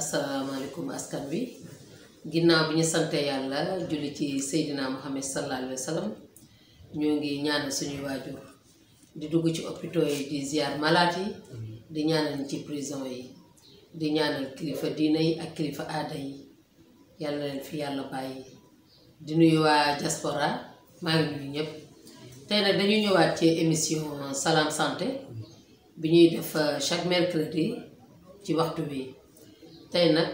asalaamaaleykum askan wi ginnaaw bi ñu sante yàlla julli ci Seydina Muhammad sallallahu alayhi wa sallam ngi ñaanal suñuy waajur di dugg ci hôpitaux yi di ziar malaat yi di ñaanal ci prison yi di ñaanal kilifa diina yi ak kilifa aada yi yàlla leen fi yàlla bàyyi di nuyu waa diaspora maa ngi nuyu ñëpp tey nag dañu ñëwaat ci émission salaam Santé bi ñuy def euh, chaque mercredi ci waxtu wi tey nag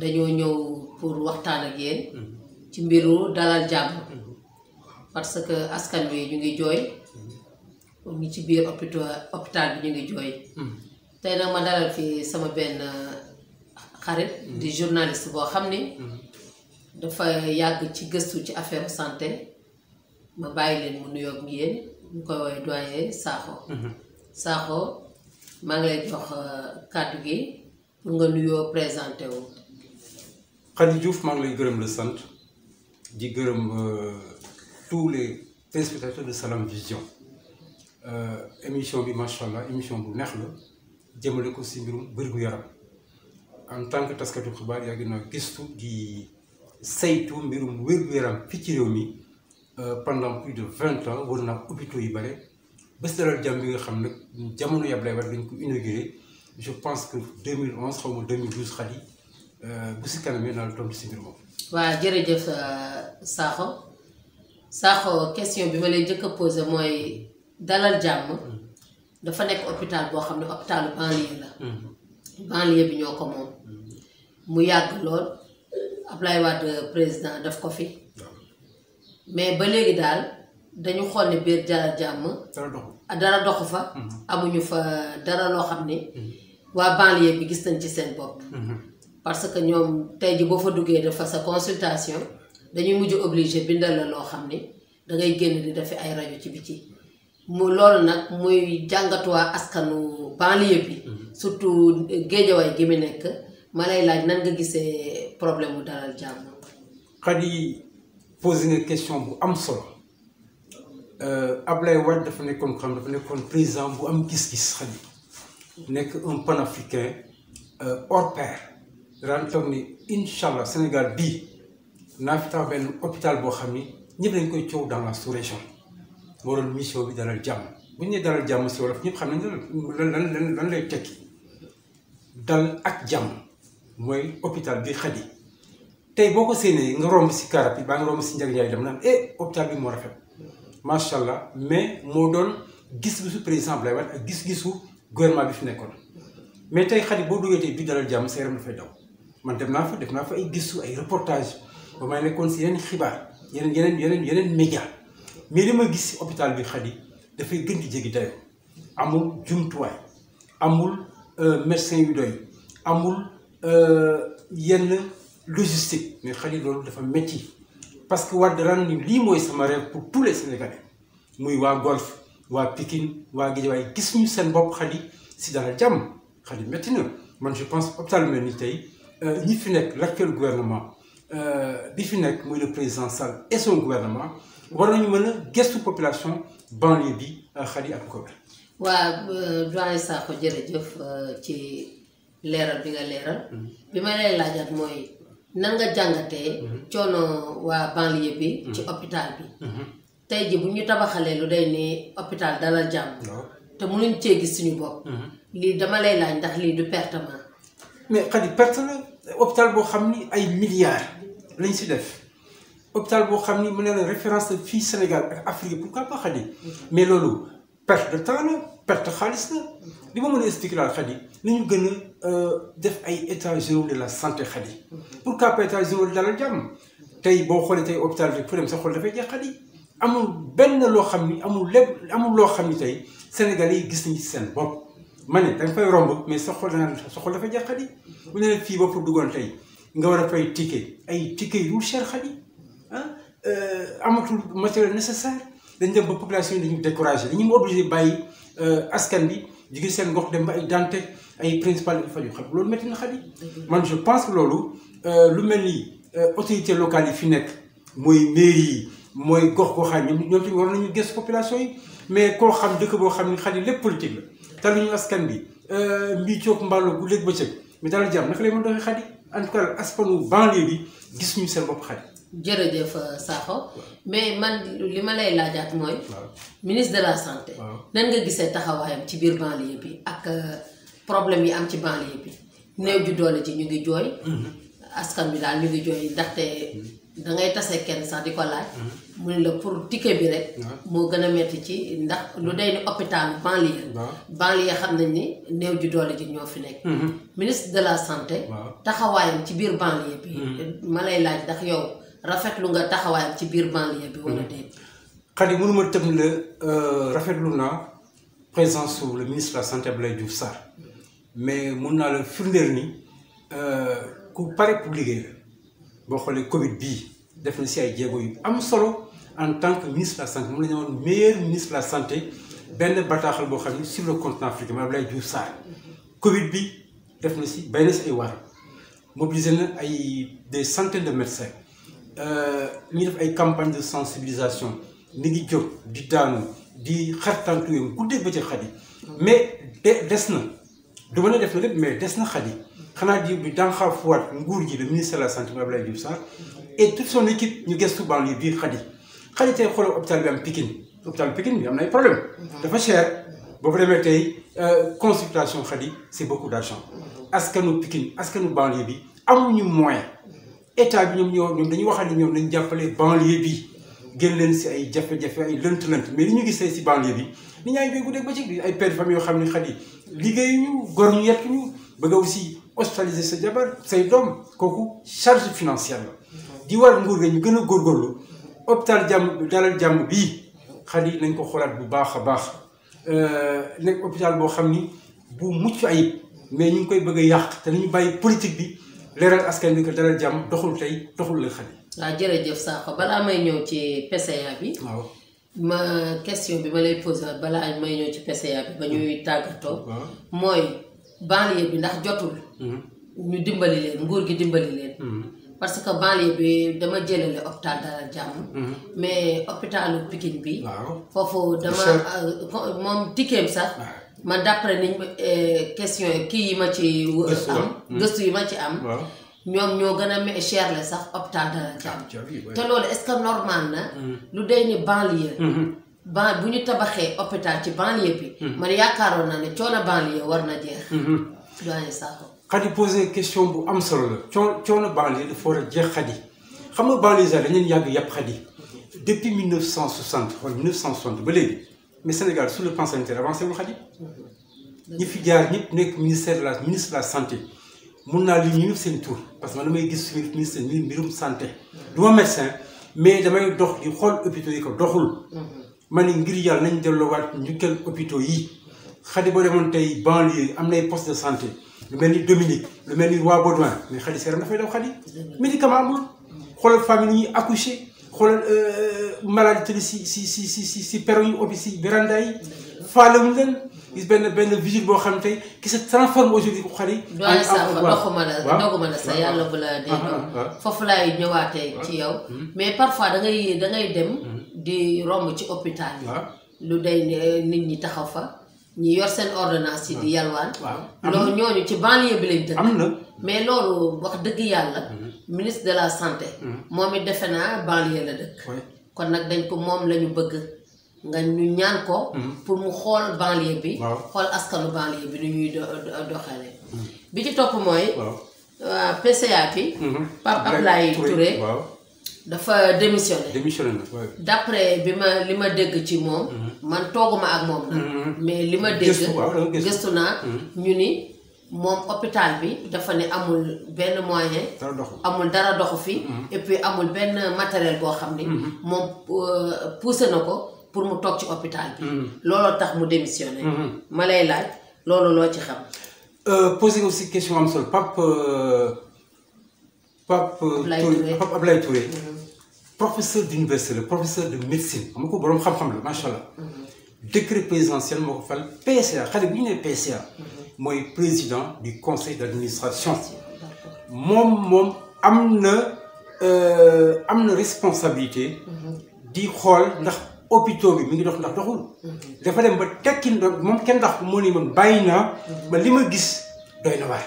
dañoo ñëw pour waxtaan ak mhm. ci mbiru dalal jàmm mhm. parce que askan wi ñu ngi jooy mhm. ñu ngi ci biir hôpital hôpital bi ñu ngi jooy tey nag ma dalal fi sama benn xarit di journaliste boo xam ni dafa yàgg ci gëstu ci affaire santé ma bàyyi leen mu nuyoog yéen ñu koy woowee doyen Sakho Sakho maa ngi jox euh, kàddu gi pour nga nuyoo présenté wu. Khady Diouf maa lay gërëm la sant di gërëm euh, tous les téléspectateurs de Salam Vision euh, émission bi macha allah émission bu neex la jëmale ko si mbirum wér gu yaram en tant que taskatu xibaar yàgg naa gistu di saytu mbirum wér gu yaram fii ci réew mi euh, pendant plus de vingt ans war naa hôpitaux yu bare bés dalal jàmm bi nga xam nag jamono Abdoulaye Wade lañ ko inauguré. je pense que 2011 xaw ma 2012 xali euh, bu si kanamee naa la tontu si mbir moom. waaw jërëjëf euh, Sakho Sakho question bi ma lay njëkk a posé mooy dalal jàmm. Mm. dafa nekk hôpital boo xam ne hôpitalu banlieue la. Mm. banlieue bi ñoo ko moom. mu yàgg lool Ablaye Wade président daf ko fi. mais ba léegi daal. dañu xool ne biir dara jàmm. dara ah, doxu fa. Mhm. amuñu fa dara loo xam ne. Mhm. waa banlieue bi gis nañ ci seen bopp. Mhm. parce que ñoom tey ji boo fa duggee dafa sa consultation dañuy mujj obligé bindal la loo xam ne da ngay génn di defi ay rajo ci ci mu loolu nag muy jàngatuwaa askanu banlieue bi. surtout géejawaay gi mu nekk malay laaj nan nga gisee problème mu dalal jàmm. Khady posé nga question bu am solo. Euh, Ablaye Wade dafa nekkoon xam dafa nekkoon président bu am gis-gis xam nekk un panafricain euh, hors pair daan toog ni incha Sénégal bii naa fi tax benn hôpital boo xam ni ñëpp dañ koy coow dans la sous mission bi dalal jàmm bu ñu nee dalal jàmm si wolof ñëpp xam nañ lan lan lan lay tekki dal ak jàmm mooy hôpital bi xadi tey boo ko séenee nga romb si karab yi baa nga romb si njëriñ yaay dem naan eh hôpital bi moo rafet. macha allah mais moo doon gis-gisu président Abdoulaye Wade ak gis-gisu gouvernement bi fi nekkoon mais tey xarit boo duggee tey biir Dalal Jàmm sa yaram dafay daw man dem naa fa def naa fa ay gistu ay reportage ba may nekkoon si yeneen xibaar yeneen yeneen yeneen yeneen média mais li ma gis si hôpital bi xarit dafay gën di jéggi dayoo amul jumtuwaay amul euh, médecin yu doy amul euh, yenn logistique mais xarit loolu dafa métti. parce que war ran ni lii mooy sama rêve pour tous les Sénégalais muy waa Golf waa Pikine waa Guédiawaye gis ñu seen bopp xali si dara jàmm xali métti man je pense hôpital mel ni tey euh, ñi fi nekk l'actuel gouvernement euh, bi fi nekk muy le président Sall et son gouvernement war nañu mën a gëstu population banlieue bi xali euh, ak ko waa doyen Sakho jërëjëf ci leeral bi nga leeral mm-hmm. bi ma lay laajaat mooy nan nga jàngatee mhm. coono waa banlieue bi ci mhm. hôpital bi mhm. tey ji bu ñu tabaxalee lu day ne hôpital Dalal Jàmm te mënuñ cee gis suñu bopp lii dama lay laaj ndax lii du pertement mais xadi perte la hôpital boo xam ni ay milliards lañ si def hôpital boo xam ni mu ne la référence fii Sénégal ak Afrique pourquoi pas xadi mais loolu perte de temps perte xaalis la li ma mën a expliquer daal xadi nañu gën a euh, def ay états généraux de la santé xale yi. pourquoi pas états généraux de la jàmm. tey boo xoolee tey hôpital rek fu dem sa xol dafay jeex xale yi amul benn loo xam ni amul lépp amul loo xam ni tey Sénégalais yi gis nañu ci seen bopp. ma ne da nga fay romb mais sa xol dana sa xol dafay jeex xale yi nga war a fay ticket ay ticket yu cher xale yi ah euh, amatul matériel nécessaire dañ dem ba population yi dañu découragé dañu obligé bàyyi euh, askan bi jóge seen ngox dem ba ay Dantec ay principal yu faju xam loolu métti na xadi man je pense que loolu euh, lu mel ni euh, autorité locale yi fi nekk mooy mairie yi mooy gox gox yi ñoom ñoom tamit war nañu ges population yi mais koo xam dëkk boo xam ni xadi lépp politique la taluñu askan bi euh, mbii coog mbàllo bu léeg bëccëg mais dala jàmm naka lay mën doxee xadi en tout cas aspanu banlieue bi gis ñu seen bopp xadi jërëjëf Sakho mais man li ma lay laajaat mooy ministre de la santé nan nga gisee taxawaayam problème yi am ci banlieue bi néew ju doole ji ñu ngi jooy. Mm-hmm. askan bi daal ñu ngi jooy ndaxte mm-hmm. da ngay tase kenn sax di ko laaj. Mm-hmm. mu ne la pour ticket bi rek. moo gën a metti ci ndax lu day ni hôpital banlieue. banlieue xam nañ ni néew ju doole ji ñoo fi nekk. ministre de la santé. taxawaayam ci biir banlieue bi. ma lay laaj ndax yow rafetlu nga taxawaayam ci biir banlieue bi wala déet. xadi mënuma tëb la euh, rafetlu naa présence su le ministre de la santé Abdoulaye Diouf mais mun naa la firndeel ni euh, ku pare pour liggéey boo xoolee Covid bii def na si ay jéego yu am solo en tant que ministre de la santé moom la ñu waxoon meilleur ministre de la santé benn bataaxal boo xam ne sur le continent africain maanaam Abdoulaye Diouf Sarr Covid bi def na si bay na si ay waar mobiliser na ay des centaines de médecins euh, ñu def ay campagne de sensibilisation ni ngi jóg di daanu di xartantuwee guddee bëccëg xat yi mais de des na. du mën a def lépp mais des na xadi xanaa di di dànxaafuwaat nguur gi le ministre la santé muy Abdoulaye Diouf Sarr et toute son équipe ñu gëstu banlieue bii xadi xadi tey xoolal hôpital bi am Pikine hôpital Pikine bi am na ay problème dafa cher boo fa demee tey euh, consultation xadi c'est beaucoup d'argent askanu Pikine askanu banlieue bi amuñu moyen état bi ñoom ñoo ñoom dañuy waxal ne ñoom nañ jàppale banlieue bi génn leen si ay jafe-jafe ay lënt-lënt mais li ñu gisee si banlieue bi nit ñaa ngi béy guddeeg bëccëg bi ay père de famille yoo xam ne xat yi liggéeyuñu gor ñu yettuñu bëgg a aussi hospitaliser sa jabar say doom kooku charge financière la. di war nguur ga ñu gën a góorgóorlu hôpital jàmm dalal jàmm bi xat yi nañ ko xoolaat bu baax a baax euh, nekk hôpital boo xam ni bu mucc ayib mais ñu ngi koy bëgg a yàq te nañu bàyyi politique bi leeral askan bi ko dalal jàmm doxul tey doxul la waaw ah, jërëjëf Sakho balaa may ñëw ci PCA bi. waaw ma question bi ma lay posé balaa may ñëw ci PCA bi ba ñuy tàggatoo. mooy banlieue bi ndax jotul. Mhm. ñu dimbali leen nguur gi dimbali leen. Mhm. parce que banlieue bi dama jëlale hôpital Dalal Jàmm. Mhm. mais hôpitalu Pikine bi. foofu dama euh, moom tikkeem sax. man d'après niñ euh, question kii yi ma ci. Euh, am gëstu yi ma ci am. ñoom ñoo gën a cher le sax hôpital Dalal Jàmm ah, te loolu est-ce que normal na mm-hmm. lu day ni banlieue mm-hmm. bu ñu tabaxee hôpital ci banlieue bi mm-hmm. man yaakaaroon naa ne coono banlieue war na jeex doyen Sakho posé question bu am solo la coono banlieue dafa war a jeex Khady xam nga banlieue sax dañu leen yàgg yàpp Khady depuis 1960 wala 1960 ba léegi mais Sénégal sur le plan sanitaire avancé wul ñi fi jaar ñëpp nekk ministère la ministre de la santé mun naa li ñu seen tur parce que man damay gis suñu ministre ni mbirum santé du ma médecin mais damay dox di xool hôpitaux yi ko doxul mm-hmm. ma ne ngir yàlla nañ delloowaat njukkal hôpitaux yi xadi boo demoon tey banlieue am nay poste de santé lu mel ni Dominique lu mel ni Roi Baudouin mais xadi seeram dafay daw xadi mm-hmm. médicament amul xoolal famille ñuy accouché xoolal euh, maladie tëdd si si si si si si perron yi opi si véranda yi mm-hmm. faalewuñ leen gis benn benn vigile boo xam tey qui se transforme aujourd'hui xar yi. en sa doxuma la doxuma la sa yàlla bu la ah, dee. Ah, ah. foofu laay ñëwaatee ci yow. Hmm. mais parfois dangay ngay da ngay dem. Hmm. di romb ci hôpital yi. lu day nit ñi taxaw fa. ñi yor seen ordonnance yi di hmm. yalwaan. loolu ñooñu ci banlieue bi lañ dëkk. am na mais loolu wax dëgg yàlla. ministre de la santé. moom it defe naa banlieue la dëkk. kon nag dañ ko moom lañu bëgg. nga ñu ñaan ko. Mm-hmm. pour mu xool banlieue bi. xool askanu banlieue bi ñuy do doxalee. Mm-hmm. bi ci topp mooy. PCA bi. Mm-hmm. Pape Ablaye Touré. dafa démissionné. démissionné na d' après bi ma li ma dégg ci moom. man tooguma ak mais li ma dégg gëstu naa ñu ni moom hôpital bi dafa ne amul benn moyen. amul dara doxu fi. et puis amul benn matériel boo xam ni. moom euh, poussé na ko. pour mu toog ci hôpital bi. Mm-hmm. looloo tax mu démissionné. Mm-hmm. ma lay laaj loolu loo ci xam. Euh, poser aussi question am solo Pape euh, Pape. Euh, Pape Ablaye Touré mm-hmm. professeur d'université la professeur de médecine xam nga ko boroom xam-xam la macha allah. présidentiel moo ko fal PCA xale bu ñu nee PCA. mooy président du conseil d'administration. moom moom am na am na responsabilité. di xool ndax. hôpitaux bi mi ngi dox ndax doxul. dafa dem ba tekki ndox moom kenn ndax moo ni man bàyyi naa. ba li ma gis doy na waar.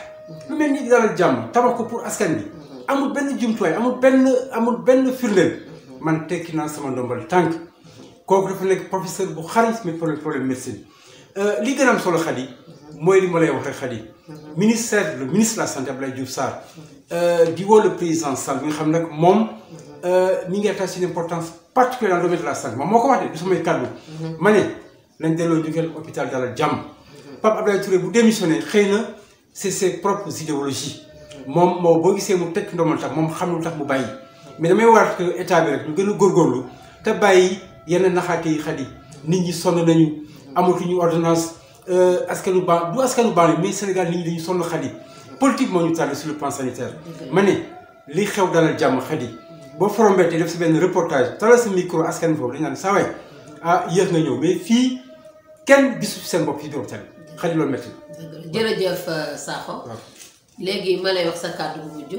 lu mel ni dalal jàmm tabax ko pour askan bi. amul benn jumtuwaay amul benn amul benn firndeel. man tekki naa sama ndombal tànk. kooku dafa nekk professeur bu xarañ si problème problème médecine. Euh, li gën am solo xel yi mooy li ma lay wax rek xel le ministre de la santé Abdoulaye Diouf Sarr euh, di woo le président Sall bi nga xam nag moom. Euh, mi ngi attaché une importance particulière dans le domaine de la santé moom moo ko wax de du samay kàddu. Mhm. ma ne lañ delloo njukkal hôpital Dalal Jàmm. Mhm. Pape Abdoulaye Touré bu démissionné xëy na c'est ses propres idéologies. Mhm. moom moo boo gisee mu tekk ndomal tax moom xam lu tax mu bàyyi. mais damay waat que bi rek ñu gën a góorlu te bàyyi yenn naxaate yi xat yi nit ñi sonn nañu. amatuñu ordonnance euh, askanu ban du askanu ban mais Sénégal nit ñi dañu sonn xat yi politique moo ñu tànn sur le plan ma ne li xew dalal jàmm xat yi boo forombetee def si benn reportage talal sa micro askan bi foofu dañu naan saa waay ah, nga ñëw mais fii kenn gisu seen bopp si biir hôpital bi xëy na loolu métti jërëjëf euh, Sakho léegi ma lay wax sa kàddu bu mujj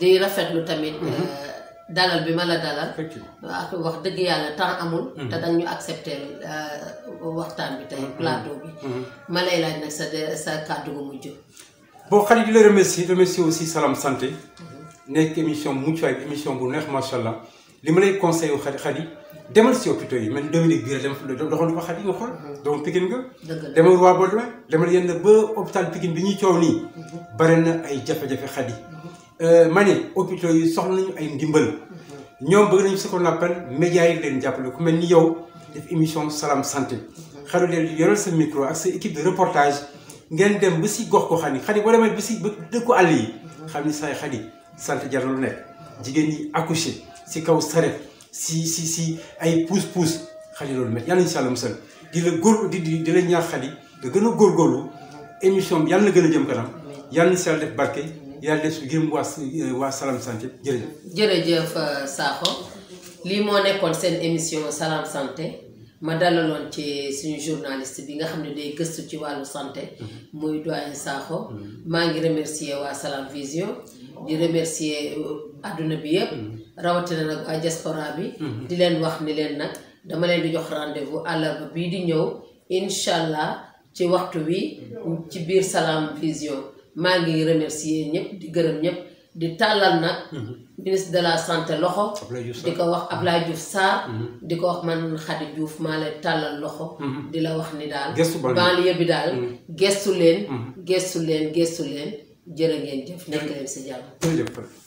di rafetlu tamit mhm. euh, dalal bi ma la dalal ak wax dëgg yàlla temps amul mhm. te dañ ñu accepter euh, waxtaan bi tey mhm. plateau bi ma lay laaj nag sa sa kàddu bu mujj bon xarit di la remercier remercier aussi Salam Santé nekk émission mu ayib émission bu neex macha allah li ma lay conseillé wu xadi xadi demal si hôpitaux yi man Dominique Biré dem doxandu fa xadi nga xool. Mhm. doomu Pikine nga. demal Roi Baudouin demal yenn ba hôpital Pikine bi ñuy coow nii. Mhm. bare na ay jafe-jafe xadi. Mhm. Euh, ma ne hôpitaux yi soxla nañu ay ndimbal. ñoom bëgg nañu ce qu'on appelle médias yi leen jàppale ku mel ni yow def émission Salam Santé. xaru leen yoral sa micro ak sa équipe de reportage ngeen dem ba si gox ko xadi xadi boo demee ba si dëkku àll yi. xam ni say xadi. sant jar lu nekk jigéen ñi accouché si kaw saret si si si ay pousse pousse xale loolu met yàlla incha allah musal di la góor di di la ñaax xale nga gën a góor góorlu émission bi yàlla na gën a jëm kanam yàlla na si yàlla def barke yàlla def su gërëm waa waa Salam Santé jërëjëf. jërëjëf euh, lii moo nekkoon seen émission Salam sante ma dalaloon ci suñu journaliste bi nga xam ne day gëstu ci wàllu santé mhm. muy doyen Sakho mhm. maa ngi remercier waa Salam Vision. di remercier euh, adduna bi yëpp mm-hmm. rawatina nag waa diaspora bi mm-hmm. di leen wax ni leen nag dama leen di jox rendez bu àllarba bii di ñëw incha allah ci waxtu wi ci biir salaam Vision maa ngi remercier ñëpp di gërëm ñëpp di tàllal nag mm-hmm. ministre de la santé loxo di ko wax Ablaye Diouf Sarr di ko wax man Khady Diouf maa lay tàllal loxo di la wax ni daal banlieue bi daal gestu leen gestu leen gestu leen jërë ngeen jëf. nekk leen si jàmm. jërëjëf